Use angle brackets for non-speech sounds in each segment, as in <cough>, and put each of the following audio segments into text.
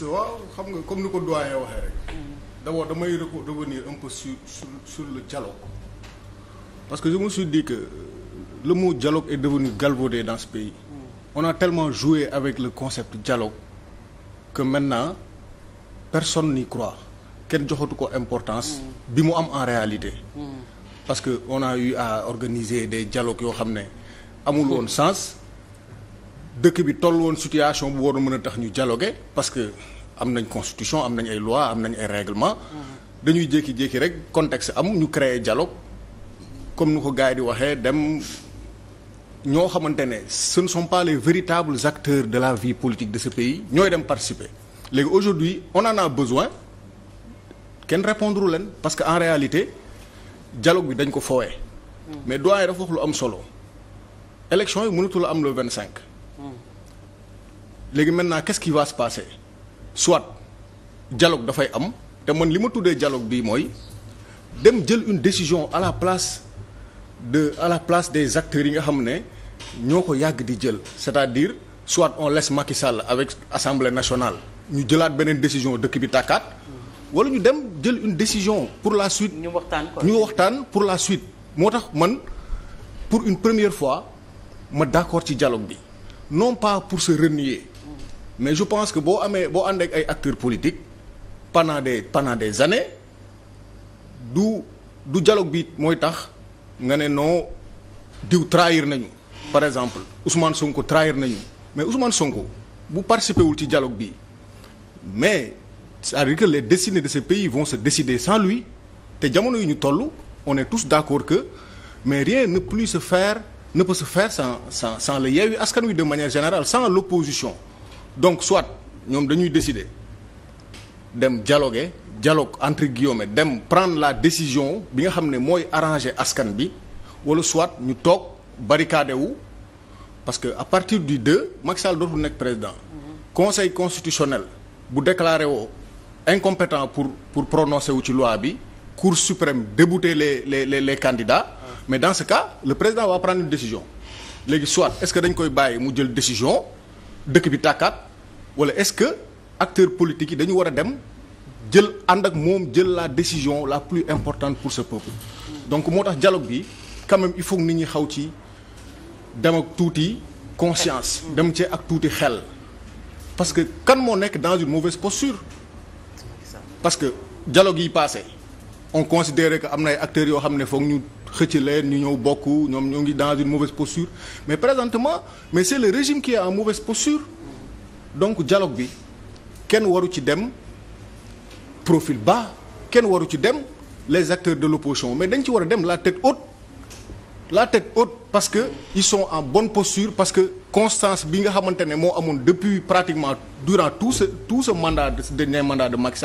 juste waaw xam nga comme ni ko doyen waxee rek. d'abord damay revenir un peu sur le dialogue parce que je me suis dit que le mu dialogue est devenu galvaudé dans ce pays. on a tellement joué avec le concept dialogue que maintenant personne n'y croit kenn joxatu ko importance. bi mu am en réalité. parce que on a eu à organiser des dialogues yoo xam ne amul sens. dëkk bi toll woon situation bu waroon mën a tax ñu dialoguer parce que am nañ constitution am nañu ay loi am nañu ay règlement dañuy jékki-jékki rek contexte am ñu créer dialogue comme nu ko gars di waxee dem ñoo xamante ne ce ne sont pas véritables acteurs de la vie politique de ce pays ñooy dem participer léegi aujourd'hui on en a besoin kenn répondre leen parce que en réalité dialogue bi dañ ko foowee mais doyen dafa wax lu am solo élection yi mënatul am le vingt cinq léegi maintenant qu'est-ce qui va se passer soit dialogue dafay am te man li ma tuddee jalog bi mooy dem jël une décision à la place de à la place des acteurs yi nga xam ne ñoo ko yàgg di jël c'est-à-dire soit on laisse Macky Sall avec Assemblée nationale ñu jëlaat beneen décision dëkk bi tàkkaat wala ñu dem jël une décision pour la suite ñu waxtaan ñu waxtaan pour la suite moo tax man pour une première fois ma d'accord ci dialogue bi non pas pour se renier mais je pense que boo amee boo ànd ay acteurs politique pendant des pendant du du dialogue bi mooy tax nga ne non diw trahir nañu. par exemple Ousmane Sonko trahir nañu mais Ousmane Sonko bu participer wul ci dialogue bi mais c'est-à-dire que les destinées de ce pays vont sa décider sans lui te jamono yu ñu toll on est tous d'accord que mais rien ne peut plus se faire. ne peut se faire sans sans sans le Askan Wi de manière générale sans l'opposition donc soit ñoom dañuy décider dem dialoguer dialogue entre guillemets dem prendre la décision bi nga xam ne mooy arranger askan bi wala soit ñu toog barricade wu parce que à partir du deux Macky Sall dootul nekk président. Mm-hmm. conseil constitutionnel bu déclaré woo incompétent pour pour prononcer wu ci loi bi cour suprême débouter les les les les candidats. mais dans ce cas le président va prendre une décision léegi soit est-ce que dañ koy bàyyi mu jël décision dëkk bi tàkkaat walla est-ce que acteurs politiques yi dañu war a dem jël ànd ak moom jël la décision la plus importante pour ce peuple donc moo tax dialogue bi quand même il faut nit ñi xaw ci dem ak tuuti conscience dem ci ak tuuti xel parce que kan moo nekk dans une mauvaise posture parce que dialogue yi passé on considérait que am na ay acteurs yoo xam ne foog ñu xëcc leen ñu ñëw bokk ñoom ñoo ngi dans une mauvaise posture mais présentement mais c'est le régime qui est en mauvaise posture donc dialogue bi kenn waru ci dem profil ba kenn waru ci dem les acteurs de l'opposition mais dañ ci war a dem la tête haute la tête haute parce que ils sont en bonne posture parce que constance bi nga xamante ne moo amoon depuis pratiquement durant tout ce tout ce mandat de ce dernier mandat de Macky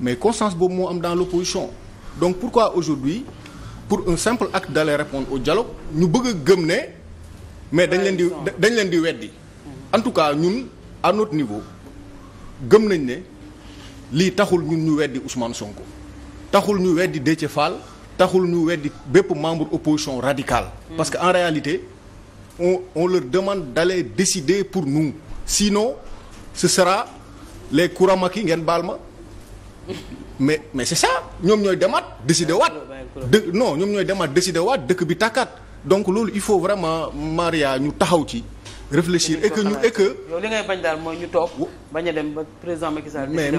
mais constance boobu moo am dans l'opposition donc pour un simple acte d'aller répondre au dialogue ñu bëgg a gëm ne mais dañ leen di dañ leen di weddi en tout cas ñun à niveau gëm nañ ne lii taxul ñun ñu weddi Ousmane Sonko taxul ñu weddi Déthié Fall taxul ñu weddi bépp membre opposition radicale mm. parce que en réalité on on leur demande d'aller décider pour nous sinon ce sera les Kouramaki ngeen baal ma <laughs> mais mais c'est ça ñoom ñooy demaat décider waat dë non ñoom ñooy demaat décidé waat dëkk bi tàkkaat donc loolu il faut vraiment Maria ñu taxaw ci réfléchir et que ñu et que daal mooy ñu toog bañ a dem ba président Macky Sall mais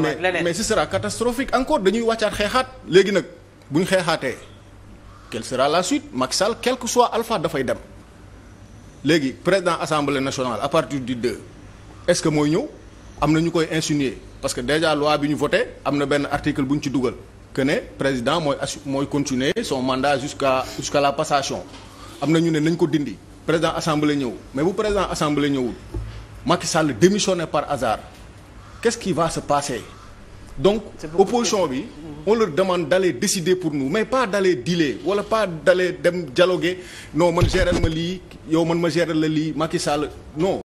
mais ce sera catastrophique encore dañuy wàccaat xeexaat léegi nag bu ñu xeexaatee quelle sera la suite Macky Sall soit alpha dafay dem léegi président assemblée nationale à partir du 2 est-ce que mooy ñëw am na ñu koy insinuer parce que déjà loi bi ñu voté am na benn article bu ñu ci dugal que ne président mooy assu mooy continuer son mandat jusqu'à jusqu'à la passation am na ñu ne nañ ko dindi président assemblée ñëw mais bu président assemblée ñëwul Macky Sall démissionné par hasard qu'est-ce va se passer donc opposition bi on leur demande d'aller décider pour nous mais pas d'aller dealer wala pas d'aller dem jaloge non man gérer ma lii yow man ma gérer la lii Macky Sall non